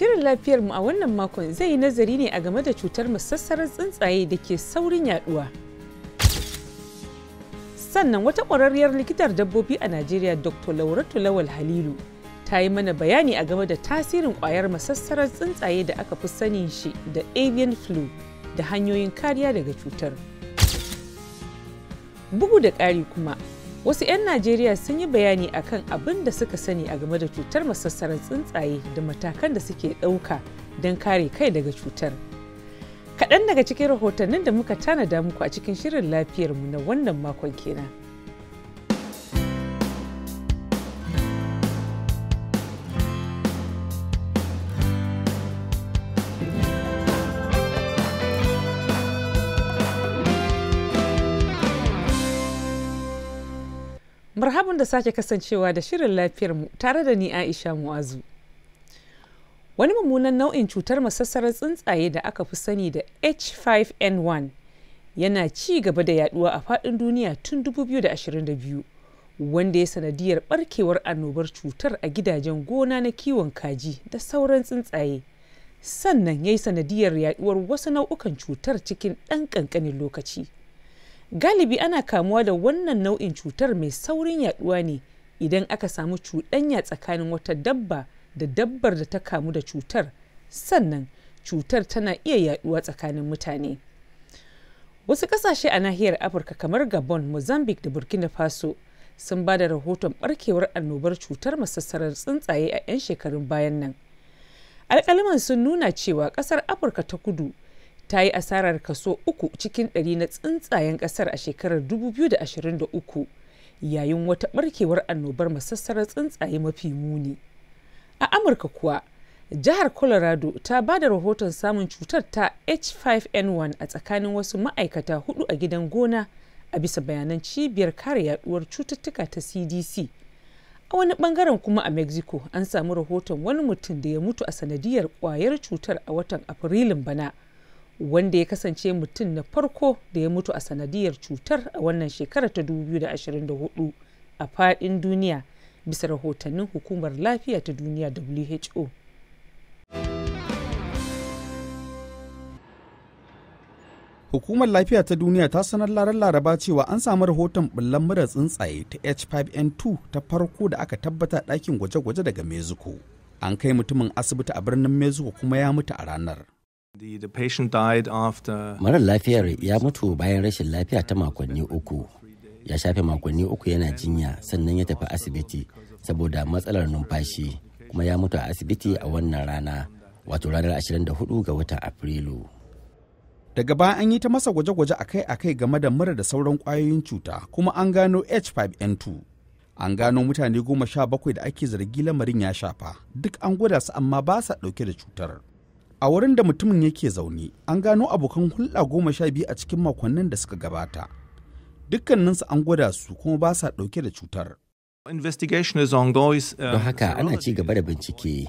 Shirin lafiyar mu a wannan makon zai yi nazari ne a game da cutar masassarar tsuntsaye da ke saurin yaduwa. Sannan wata ƙwararriyar likitar dabbobi a Najeriya Dr. Lauratu Lawal Halilu ta yi mana bayani a game da tasirin ƙwayar masassarar tsuntsaye da aka fi sanin shi da avian flu da hanyoyin kariya daga cutar. Bugu da ƙari kuma, Wasu 'yan Najeriya sun yi bayani akan abin da suka sani a game da cutar masassarar tsuntsaye da matakan da suke ɗauka don kare kai daga cutar. Kaɗan daga cikin rahotannin da muka tanada muku a cikin shirin lafiyarmu na wannan makon kenan. Marhaban da sake kasancewa da shirin lafiyar mu tare da ni Aisha Mu'azu. Wani mummunan nau'in cutar masassarar tsuntsaye da aka fi sani da H5N1 yana ci gaba da yaduwa a faɗin duniya tun 2022 wanda ya sanadiyar barkewar annobar cutar a gidajen gona na kiwon kaji da sauran tsuntsaye. Sannan ya yi sanadiyar yaduwar wasu nau'ukan cutar cikin ɗan ƙanƙanin lokaci. galibi ana kamuwa da wannan nau'in cutar mai saurin yaduwa ne idan aka samu cuɗanya tsakanin wata dabba da dabbar da ta kamu da cutar sannan cutar tana iya yaduwa tsakanin mutane wasu ƙasashe a nahiyar afirka kamar gabon mozambique da burkina faso sun ba da rahoton barkewar annobar cutar masassarar tsuntsaye a 'yan shekarun bayan nan alƙaliman sun nuna cewa ƙasar afirka ta kudu ta yi asarar kaso uku cikin ɗari na tsuntsayen ƙasar a shekarar 2023 yayin wata ɓarkewar annobar masassarar tsuntsaye mafi muni. A Amurka kuwa, jihar Colorado ta ba da rahoton samun cutar ta H5N1 a tsakanin wasu ma'aikata hudu a gidan gona a bisa bayanan cibiyar kare yaduwar cututtuka ta CDC. A wani bangaren kuma a Mexico an samu rahoton wani mutum da ya mutu a sanadiyar kwayar cutar a watan Afrilun bana. wanda ya kasance mutum na farko da ya mutu a sanadiyar cutar a wannan shekara ta 2024 a fadin duniya bisa rahotannin hukumar lafiya ta duniya who hukumar lafiya ta duniya ta sanar larar laraba cewa an samu rahoton bullan mura tsuntsaye ta h5n2 ta farko da aka tabbata ɗakin gwaje-gwaje daga mexico an kai mutumin asibiti a birnin mexico kuma ya mutu a ranar Mara lafiyar ya mutu bayan rashin lafiya ta makonni uku. Ya shafe makonni uku yana jinya sannan ya tafi asibiti saboda matsalar numfashi kuma ya mutu a asibiti a wannan rana wato ranar 24 ga watan Afrilu. Daga baya an yi ta masa gwaje-gwaje akai-akai game da mura da sauran kwayoyin cuta kuma an gano H5N2. An gano mutane goma sha bakwai da ake zargi lamarin ya shafa duk an gwada su amma ba sa ɗauke da cutar. a wurin da mutumin yake zaune an gano abokan hulɗa goma sha biyu a cikin makonnin da suka gabata dukkaninsu an gwada su kuma ba sa ɗauke da cutar uh, don haka ana ci gaba da bincike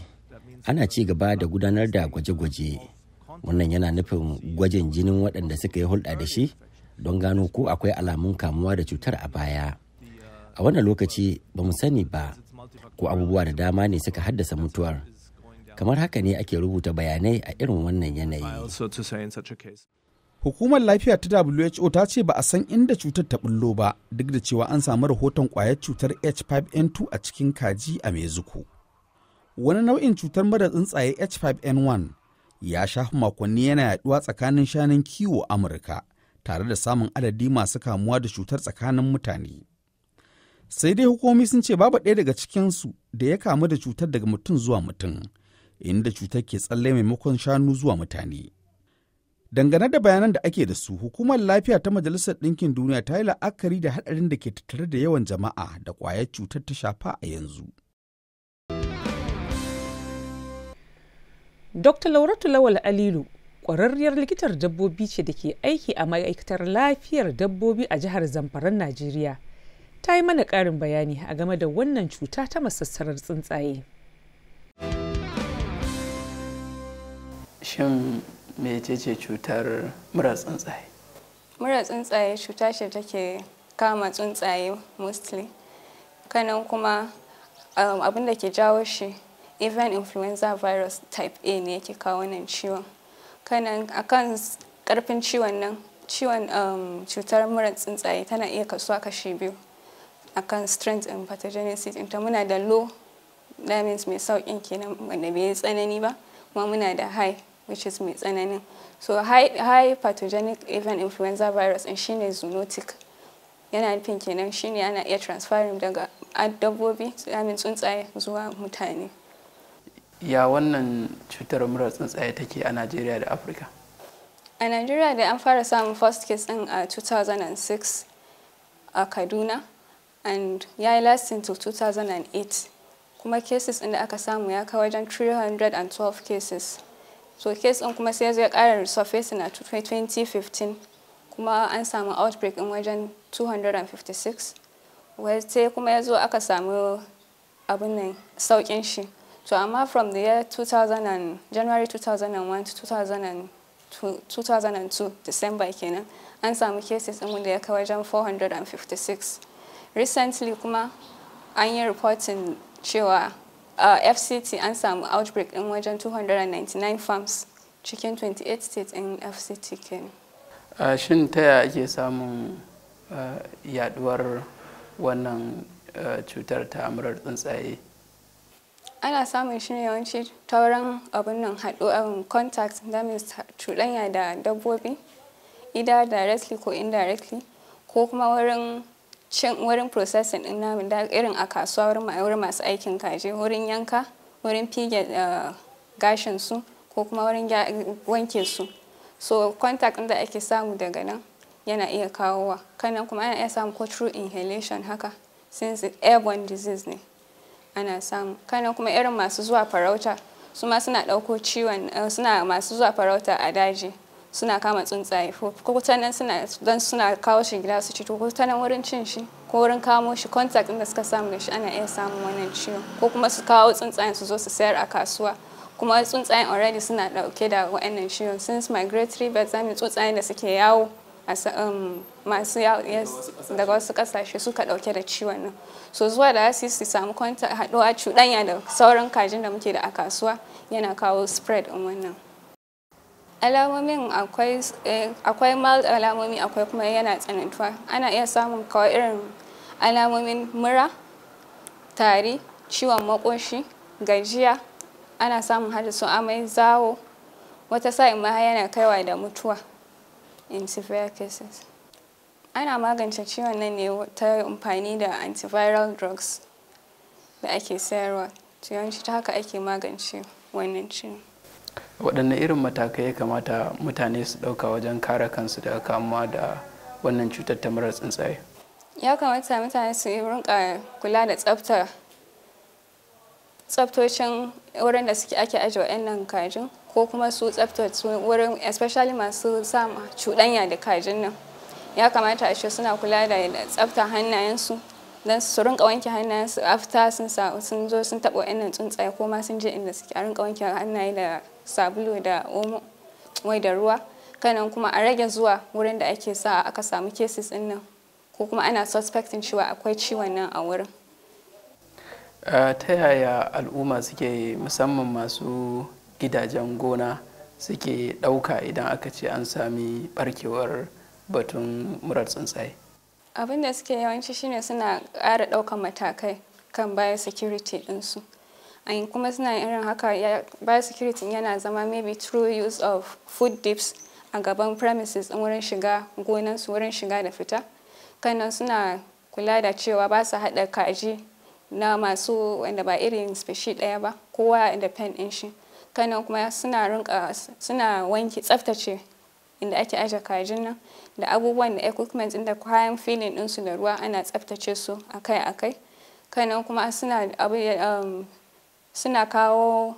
ana ci gaba da gudanar da gwaje-gwaje wannan yana nufin gwajin jinin waɗanda suka yi hulɗa da shi don gano ko akwai alamun kamuwa da cutar a baya a wannan lokaci ba mu sani ba ko abubuwa da dama ne suka haddasa mutuwar kamar haka ne ake rubuta bayanai a irin wannan yanayi hukumar lafiya ta who ta ce ba a san inda cutar ta bullo ba duk da cewa an samu rahoton kwayar cutar h5n2 a cikin kaji a mexico wani nau'in cutar mara tsuntsaye h5n1 ya shafi makonni yana yaduwa tsakanin shanun kiwo amurka tare da samun adadi masu kamuwa da cutar tsakanin mutane sai dai hukumomi sun ce babu ɗaya daga cikinsu da ya kamu da cutar daga mutum zuwa mutum inda cutar ke tsalle maimakon shanu zuwa mutane. Dangane da bayanan da ake da su, hukumar lafiya ta Majalisar Ɗinkin Duniya ta yi la'akari da haɗarin da ke tattare da yawan jama'a da ƙwayar cutar ta shafa a yanzu. Dr. Lauratu Lawal Alilu, ƙwararriyar likitar dabbobi ce da ke aiki a ma'aikatar lafiyar dabbobi a jihar Zamfaran Najeriya. Ta yi mana ƙarin bayani a game da wannan cuta ta masassarar tsuntsaye. shin ce cutar mura tsuntsaye mura tsuntsaye cuta ce take kama tsuntsaye mostly kanan kuma um, abin da ke jawo shi even influenza virus type a ne yake kawo wannan ciwon kanan akan karfin ciwon nan ciwon um, cutar mura tsuntsaye tana iya kasuwa kashi biyu akan strength and pathogenesis inta muna da low that mai saukin kenan wanda bai tsanani ba kuma muna da high which is mai tsananin so high, high pathogenic avian influenza virus in shine zoonotic yana nufin kenan shine ana iya transferring daga dabbobi amin tsuntsaye zuwa mutane ya wannan cutar mura tsuntsaye take a najeriya da afirka a najeriya da an fara samun first case din a 2006 a kaduna and ya yi lasting till 2008 kuma cases inda aka samu ya kai wajen 312 cases so case ɗin kuma sai ya ya ƙara resurfacing na 2015 kuma an samu outbreak in wajen 256 sai kuma ya zo aka samu abin nan saukin shi to amma from the year 2000 january 2001 to 2002 december kenan an samu cases ɗin wanda ya kai wajen 456 recently kuma an yi reporting cewa Uh, fct an samu outbreak in wajen 299 farms cikin 28 states in fct kenan uh, shin ta ake samun uh, yaduwar wannan uh, cutar ta amurar tsuntsaye ana samun shi ne yawanci tauran abin nan haɗu contact that cuɗanya da dabbobi either directly ko indirectly ko kuma wurin can wurin processing din namu da irin a kasuwa wurin masu aikin kaji wurin yanka wurin fige eh, gashin su ko kuma wurin wanke su so contact da ake samu daga nan yana iya kawowa kanan kuma ana iya samu ko true inhalation haka since airborne disease ne ana samu kanan kuma irin masu zuwa farauta su ma suna ɗauko ciwon eh, suna masu zuwa farauta a daji suna kama tsuntsaye ko ta nan suna don suna kawo shi gida su ci ko ta wurin cin shi ko wurin kamo shi contact da suka samu da shi ana iya samun wannan ciwo ko kuma su kawo tsuntsayen su zo su sayar a kasuwa kuma tsuntsayen already suna dauke da wa'annan ciwon since migratory birds zamu tsuntsayen da suke yawo um, masu daga wasu kasashe suka dauke da ciwon nan so zuwa da su su samu contact haɗuwa cuɗanya da sauran kajin da muke da a kasuwa yana kawo spread in wannan alamomin eh, akwai mild alamomi akwai kuma yana tsanantuwa ana iya samun kawai irin alamomin mura tari ciwon makoshi gajiya ana samun hada su amai zawo wata sa'in ma yana kaiwa da mutuwa in severe cases ana magance ciwon nan ne ta amfani da antiviral drugs da ake sayarwa yawanci ta haka ake magance wannan ciwon waɗanne irin matakai ya kamata mutane su ɗauka wajen kare kansu daga kamuwa da wannan cutar ta murar tsuntsaye ya kamata mutane su rinka kula da tsafta tsaftocin wurin da suke ake ajiye wa'annan kajin ko kuma su tsaftace wurin especially masu sama cuɗanya da kajin nan ya kamata a ce suna kula da tsafta hannayensu don su rinka wanke hannayensu after sun zo sun taɓa wa'annan tsuntsaye ko ma sun je inda suke a rinka wanke hannaye da sabulu da omo wai da ruwa kanan kuma a rage zuwa wurin da ake sa aka samu cases din nan ko kuma ana suspecting cewa akwai ciwon nan a wurin ta yaya al'umma suke musamman masu gidajen gona suke ɗauka idan aka ce an sami barkewar batun murar tsuntsaye abin da suke yawanci shine suna ƙara ɗaukan matakai kan biosecurity ɗinsu and kuma suna irin haka biosecurity yana zama maybe true use of food dips a gaban premises in wurin shiga gonansu wurin shiga da fita kanan suna kula da cewa ba su haɗa kaji na masu wanda ba irin speci ɗaya ba kowa da pen ɗin shi kanan kuma suna rinka suna wanki tsaftace inda ake aje kajin nan da abubuwan da equipment da kayan filin ɗinsu da ruwa ana tsaftace su akai-akai kanan kuma suna abu um, suna kawo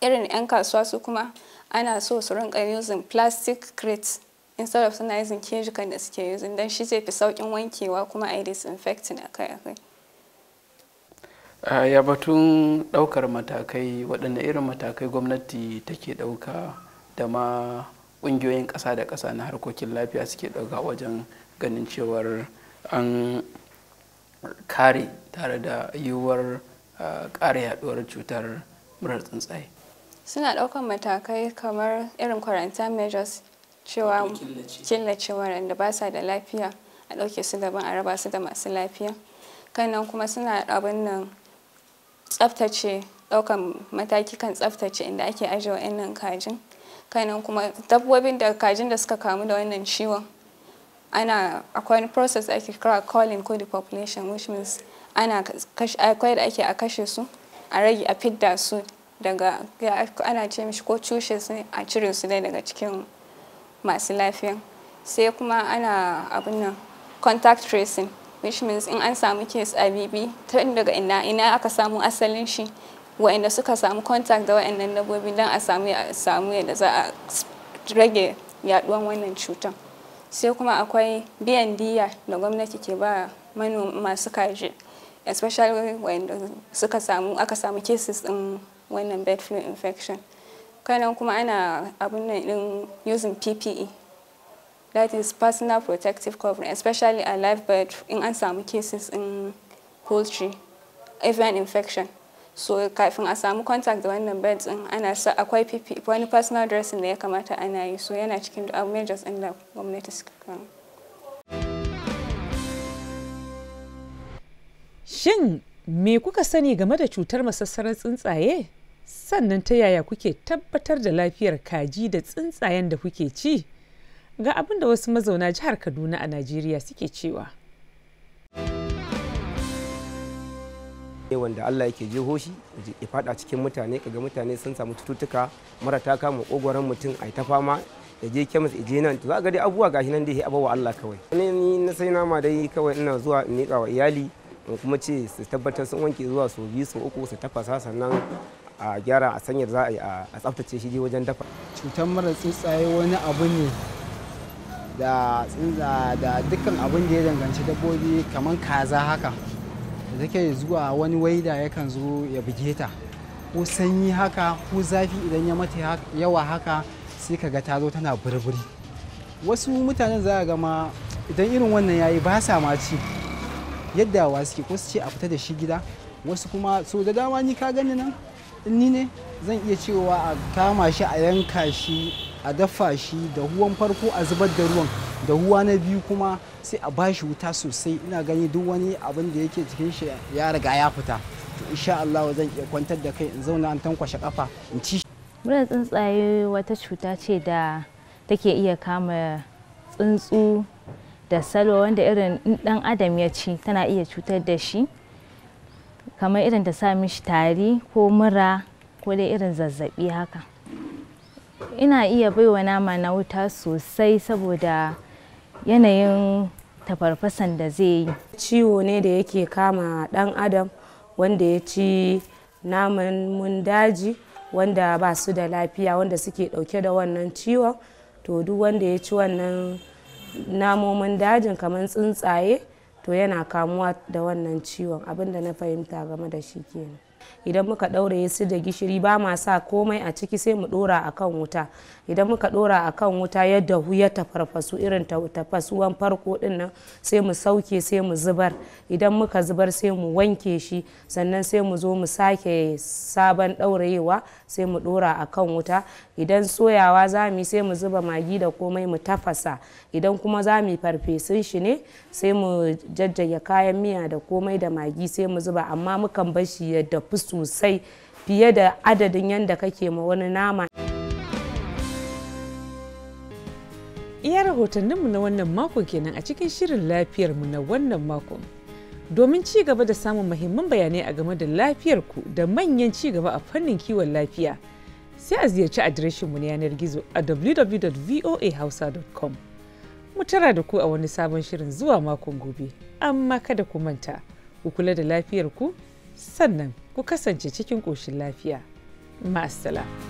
irin 'yan kasuwa su kuma ana so su rinka using plastic crates instead of suna using kejikan da suke using don shi zai fi saukin wankewa kuma a yi disinfecting akai-akai Uh, ya batun ɗaukar matakai waɗanda irin matakai gwamnati take ɗauka da ma ƙungiyoyin ƙasa da ƙasa na harkokin lafiya suke ɗauka wajen ganin cewar an kare tare da yiwuwar ƙara yaduwar cutar murar tsuntsaye suna ɗaukar matakai kamar irin quarantine measures cewa killace waɗanda ba sa da lafiya a ɗauke su daban a raba su da masu lafiya kannan kuma suna abin nan tsaftace ɗaukan mataki kan tsaftace inda ake ajiye wa'annan kajin kannan kuma dabbobin da kajin da suka kamu da wannan ciwon ana akwai process ake kira calling ko population which means ana akwai da ake a kashe su a rage a fidda su daga ana ce mishi ko cushe su a cire su dai daga cikin masu lafiya sai kuma ana abin nan contact tracing which means in an samu case a bibi tun daga ina ina aka samu asalin shi wa'anda suka samu contact da wa'annan dabbobi don a samu yadda za a rage yaduwan wannan cutan sai kuma akwai biyan diya da gwamnati ke ba manoma masu kaji especially when suka samu aka samu cases din wannan bed flu infection kanan kuma ana abin nan din using ppe that is personal protective covering especially a live bird in an samu cases in poultry avian infection so kafin a samu contact da wannan birds din ana sa akwai ppe wani personal dressing da ya kamata ana yi so yana cikin abu majors din da gwamnati suka kama Shin me kuka sani game da cutar masassarar tsuntsaye? Sannan ta yaya kuke tabbatar da lafiyar kaji da tsuntsayen da kuke ci? Ga abin da wasu mazauna jihar Kaduna a Najeriya suke cewa. wanda Allah yake jeho shi ya fada cikin mutane kaga mutane sun samu cututtuka mara ta kama kogoron mutum a ta fama ya je kemis a je nan to za ga dai abubuwa gashi nan dai abawa Allah kawai ni na sai nama dai kawai ina zuwa in miƙa wa iyali in kuma ce su tabbatar sun wanke zuwa su biyu su uku su tafasa sannan a gyara a sanyar za a yi a tsaftace shi wajen dafa cutar mara tsuntsaye wani abu ne da tsuntsa da dukkan abin da ya danganci dabbobi kamar kaza haka da take zuwa wani waida yakan zo ya buge ta ko sanyi haka ko zafi idan ya mata yawa haka sai ka ga ta zo tana burburi wasu mutanen za a gama idan irin wannan yayi ba sa ma ci yadda wa suke ko su ce a fita da shi gida wasu kuma so da dama ni ka gani nan ni ne zan iya cewa a kama shi a yanka shi a dafa shi da huwan farko a zubar da ruwan da huwa na biyu kuma sai a bashi wuta sosai ina gani duk wani abin da yake cikin shi ya riga ya fita to insha Allah zan iya kwantar da kai in zauna an tankwashe kafa in ci mura tsuntsaye wata cuta ce da take iya kama tsuntsu da salo wanda irin dan adam ya ci tana iya cutar da shi kamar irin ta sa mishi tari ko mura ko dai irin zazzabi haka ina iya baiwa nama na wuta sosai saboda yanayin tafarfasan da zai yi ciwo ne da yake kama dan adam wanda ya ci naman mun daji wanda ba su da lafiya wanda suke dauke da wannan ciwon to duk wanda ya ci wannan namomin dajin kamar tsuntsaye to yana kamuwa da wannan ciwon abinda na fahimta game da shi kenan idan muka ɗauraye su da gishiri ba ma sa komai a ciki sai mu ɗora a kan wuta idan muka ɗora a kan wuta yadda hu ya tafarfasu irin tafasuwan farko ɗin nan sai mu sauke sai mu zubar idan muka zubar sai mu wanke shi sannan sai mu zo mu sake sabon ɗaurayewa sai mu ɗora a kan wuta idan soyawa za mu sai mu zuba magi da komai mu tafasa idan kuma za mu farfesun shi ne sai mu jajjage kayan miya da komai da magi sai mu zuba amma mukan bar shi ya fusu sosai fiye da adadin yadda kake ma wani nama iya rahotanninmu na wannan makon kenan a cikin shirin lafiyarmu na wannan makon domin ci gaba da samun mahimman bayanai a game da lafiyarku da manyan ci gaba a fannin kiwon lafiya sai a ziyarci adireshinmu na yanar gizo a www.voahausa.com mu tara da ku a wani sabon shirin zuwa makon gobe amma kada ku manta ku kula da lafiyarku sannan ku kasance cikin ƙoshin lafiya. masala.